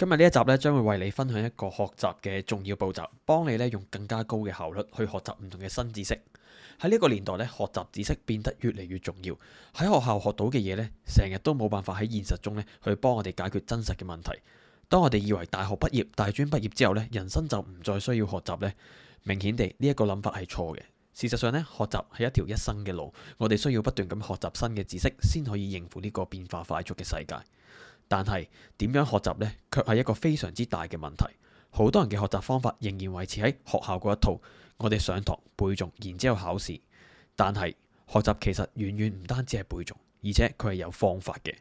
今日呢一集咧，將會為你分享一個學習嘅重要步驟，幫你咧用更加高嘅效率去學習唔同嘅新知識。喺呢個年代咧，學習知識變得越嚟越重要。喺學校學到嘅嘢咧，成日都冇辦法喺現實中咧去幫我哋解決真實嘅問題。當我哋以為大學畢業、大專畢業之後咧，人生就唔再需要學習咧，明顯地呢一個諗法係錯嘅。事實上咧，學習係一條一生嘅路，我哋需要不斷咁學習新嘅知識，先可以應付呢個變化快速嘅世界。但係點樣學習呢？卻係一個非常之大嘅問題。好多人嘅學習方法仍然維持喺學校嗰一套，我哋上堂背誦，然之後考試。但係學習其實遠遠唔單止係背誦，而且佢係有方法嘅。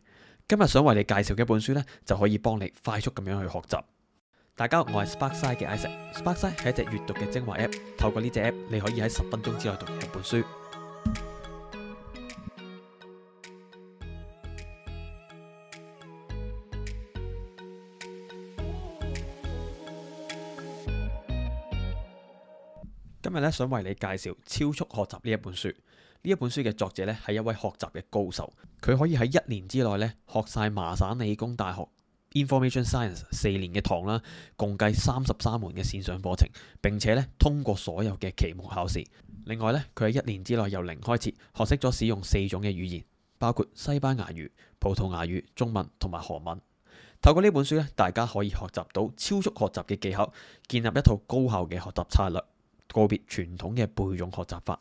今日想為你介紹嘅一本書呢，就可以幫你快速咁樣去學習。大家好，我係 Sparkside 嘅 Isaac，Sparkside 係一隻閱讀嘅精華 App，透過呢隻 App，你可以喺十分鐘之內讀完本書。今日咧想為你介紹《超速學習》呢一本書。呢一本書嘅作者咧係一位學習嘅高手，佢可以喺一年之內咧學晒麻省理工大學 Information Science 四年嘅堂啦，共計三十三門嘅線上課程，並且咧通過所有嘅期末考試。另外咧，佢喺一年之內由零開始學識咗使用四種嘅語言，包括西班牙語、葡萄牙語、中文同埋韓文。透過呢本書咧，大家可以學習到超速學習嘅技巧，建立一套高效嘅學習策略。告別傳統嘅背誦學習法，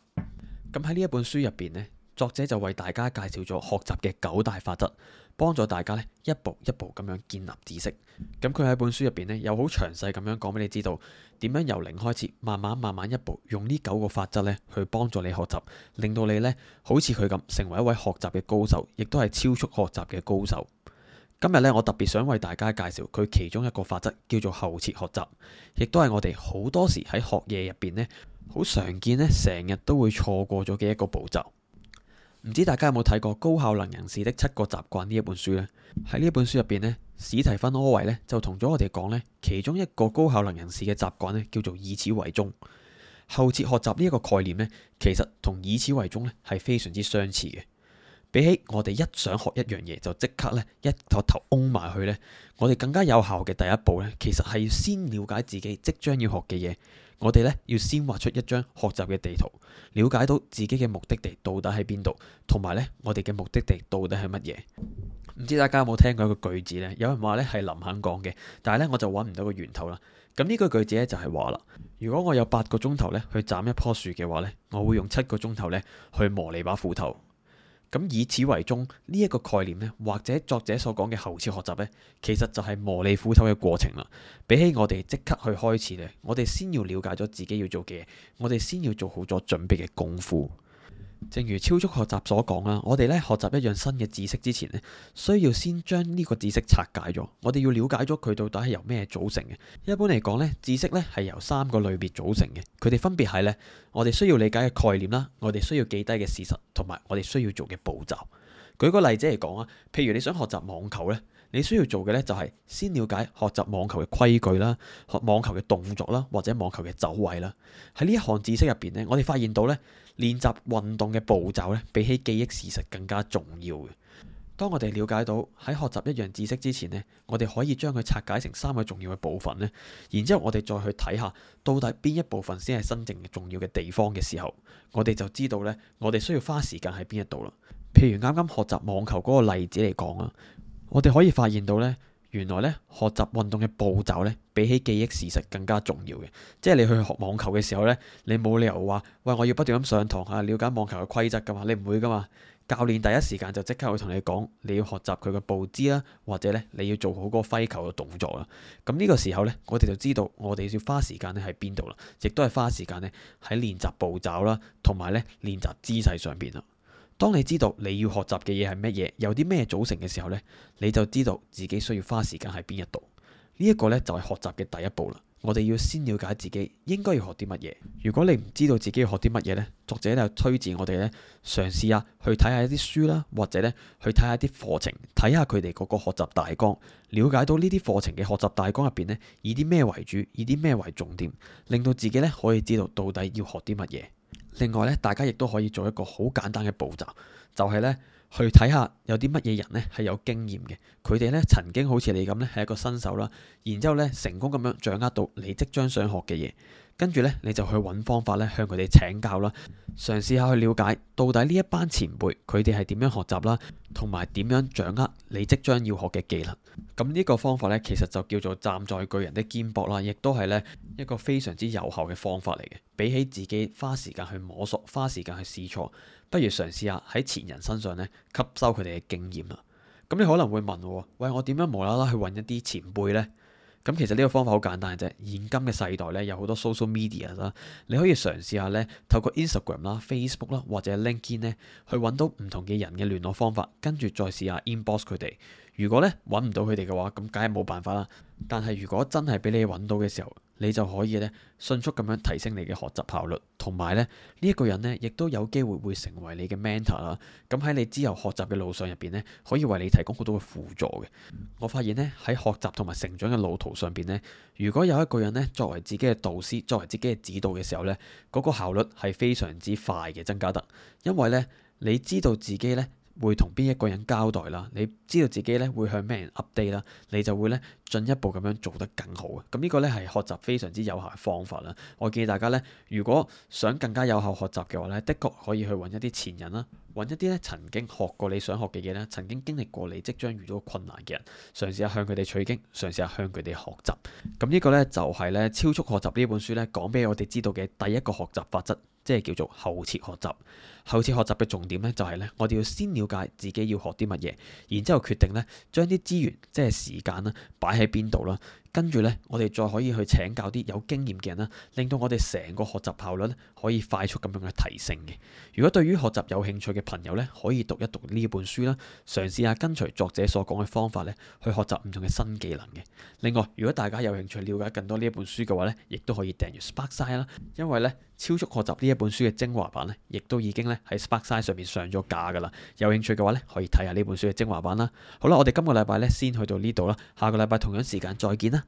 咁喺呢一本書入邊呢，作者就為大家介紹咗學習嘅九大法則，幫助大家呢一步一步咁樣建立知識。咁佢喺本書入邊呢，又好詳細咁樣講俾你知道，點樣由零開始，慢慢慢慢一步，用呢九個法則呢去幫助你學習，令到你呢好似佢咁，成為一位學習嘅高手，亦都係超速學習嘅高手。今日咧，我特別想為大家介紹佢其中一個法則，叫做後切學習，亦都係我哋好多時喺學嘢入邊呢，好常見呢，成日都會錯過咗嘅一個步驟。唔知大家有冇睇過《高效能人士的七個習慣》呢一本書呢？喺呢本書入邊呢，史提芬柯維呢，就同咗我哋講呢，其中一個高效能人士嘅習慣呢，叫做以此為終。後切學習呢一個概念呢，其實同以此為終呢，係非常之相似嘅。比起我哋一想學一樣嘢就即刻咧，一坨頭嗡埋去呢，我哋更加有效嘅第一步呢，其實係要先了解自己即將要學嘅嘢。我哋呢，要先畫出一張學習嘅地圖，了解到自己嘅目的地到底喺邊度，同埋呢，我哋嘅目的地到底係乜嘢？唔知大家有冇聽過一個句子呢？有人話呢係林肯講嘅，但係呢，我就揾唔到個源頭啦。咁呢句句子呢，就係話啦，如果我有八個鐘頭呢去斬一棵樹嘅話呢，我會用七個鐘頭呢去磨你把斧頭。咁以此為終呢一個概念呢，或者作者所講嘅後設學習呢，其實就係磨利斧頭嘅過程啦。比起我哋即刻去開始呢，我哋先要了解咗自己要做嘅嘢，我哋先要做好咗準備嘅功夫。正如超速學習所講啦，我哋咧學習一樣新嘅知識之前咧，需要先將呢個知識拆解咗。我哋要了解咗佢到底係由咩組成嘅。一般嚟講咧，知識咧係由三個類別組成嘅。佢哋分別係咧，我哋需要理解嘅概念啦，我哋需要記低嘅事實，同埋我哋需要做嘅步驟。舉個例子嚟講啊，譬如你想學習網球咧。你需要做嘅咧，就係先了解學習網球嘅規矩啦，網球嘅動作啦，或者網球嘅走位啦。喺呢一項知識入邊咧，我哋發現到咧，練習運動嘅步驟咧，比起記憶事實更加重要嘅。當我哋了解到喺學習一樣知識之前咧，我哋可以將佢拆解成三個重要嘅部分咧，然之後我哋再去睇下到底邊一部分先係真正重要嘅地方嘅時候，我哋就知道咧，我哋需要花時間喺邊一度啦。譬如啱啱學習網球嗰個例子嚟講啊。我哋可以發現到咧，原來咧學習運動嘅步驟咧，比起記憶事實更加重要嘅。即係你去學網球嘅時候咧，你冇理由話，喂，我要不斷咁上堂啊，了解網球嘅規則噶嘛？你唔會噶嘛？教練第一時間就即刻會同你講，你要學習佢嘅步姿啦，或者咧你要做好嗰個揮球嘅動作啦。咁、嗯、呢、呢個時候咧，我哋就知道我哋要花時間咧喺邊度啦，亦都係花時間咧喺練習步驟啦，同埋咧練習姿勢上邊啦。當你知道你要學習嘅嘢係乜嘢，由啲咩組成嘅時候呢，你就知道自己需要花時間喺邊一度。呢一個呢，就係學習嘅第一步啦。我哋要先了解自己應該要學啲乜嘢。如果你唔知道自己要學啲乜嘢呢，作者就推薦我哋呢，嘗試下去睇下一啲書啦，或者呢，去睇下啲課程，睇下佢哋嗰個學習大綱，了解到呢啲課程嘅學習大綱入邊呢，以啲咩為主，以啲咩為重點，令到自己呢可以知道到底要學啲乜嘢。另外咧，大家亦都可以做一個好簡單嘅步驟，就係咧去睇下有啲乜嘢人咧係有經驗嘅，佢哋咧曾經好似你咁咧係一個新手啦，然之後咧成功咁樣掌握到你即將想學嘅嘢。跟住呢，你就去揾方法咧，向佢哋請教啦，嘗試下去了解到底呢一班前輩佢哋係點樣學習啦，同埋點樣掌握你即將要學嘅技能。咁呢個方法呢，其實就叫做站在巨人的肩膊啦，亦都係呢一個非常之有效嘅方法嚟嘅。比起自己花時間去摸索，花時間去試錯，不如嘗試下喺前人身上呢，吸收佢哋嘅經驗啦。咁你可能會問：「喂，我點樣無啦啦去揾一啲前輩呢？」咁其實呢個方法好簡單啫，現今嘅世代咧，有好多 social media 啦，你可以嘗試下咧，透過 Instagram 啦、Facebook 啦或者 LinkedIn 咧，去揾到唔同嘅人嘅聯絡方法，跟住再試下 inbox 佢哋。如果咧，揾唔到佢哋嘅話，咁梗係冇辦法啦。但係如果真係俾你揾到嘅時候，你就可以咧迅速咁樣提升你嘅學習效率，同埋咧呢一、呢個人咧亦都有機會會成為你嘅 mentor 啦。咁、嗯、喺你之後學習嘅路上入邊咧，可以為你提供好多嘅輔助嘅。我發現咧喺學習同埋成長嘅路途上邊咧，如果有一個人咧作為自己嘅導師，作為自己嘅指導嘅時候咧，嗰、嗰個效率係非常之快嘅增加得。因為咧，你知道自己咧會同邊一個人交代啦，你知道自己咧會向咩人 update 啦，你就會咧。進一步咁樣做得更好嘅，咁呢個呢，係學習非常之有效嘅方法啦。我建議大家呢，如果想更加有效學習嘅話呢，的確可以去揾一啲前人啦，揾一啲呢曾經學過你想學嘅嘢啦，曾經經歷過你即將遇到困難嘅人，嘗試下向佢哋取經，嘗試下向佢哋學習。咁呢個呢，就係呢《超速學習》呢本書呢講俾我哋知道嘅第一個學習法則，即係叫做後設學習。後設學習嘅重點呢，就係呢我哋要先了解自己要學啲乜嘢，然之後決定呢將啲資源即係時間啦擺。喺邊度啦？跟住呢，我哋再可以去請教啲有經驗嘅人啦、啊，令到我哋成個學習效率咧可以快速咁樣去提升嘅。如果對於學習有興趣嘅朋友呢，可以讀一讀呢本書啦，嘗試下跟隨作者所講嘅方法咧，去學習唔同嘅新技能嘅。另外，如果大家有興趣了解更多呢一本書嘅話呢，亦都可以訂閱 SparkSide 啦，因為呢，超速學習呢一本書嘅精華版呢，亦都已經咧喺 SparkSide 上面上咗架噶啦。有興趣嘅話呢，可以睇下呢本書嘅精華版啦。好啦，我哋今個禮拜呢，先去到呢度啦，下個禮拜同樣時間再見啦。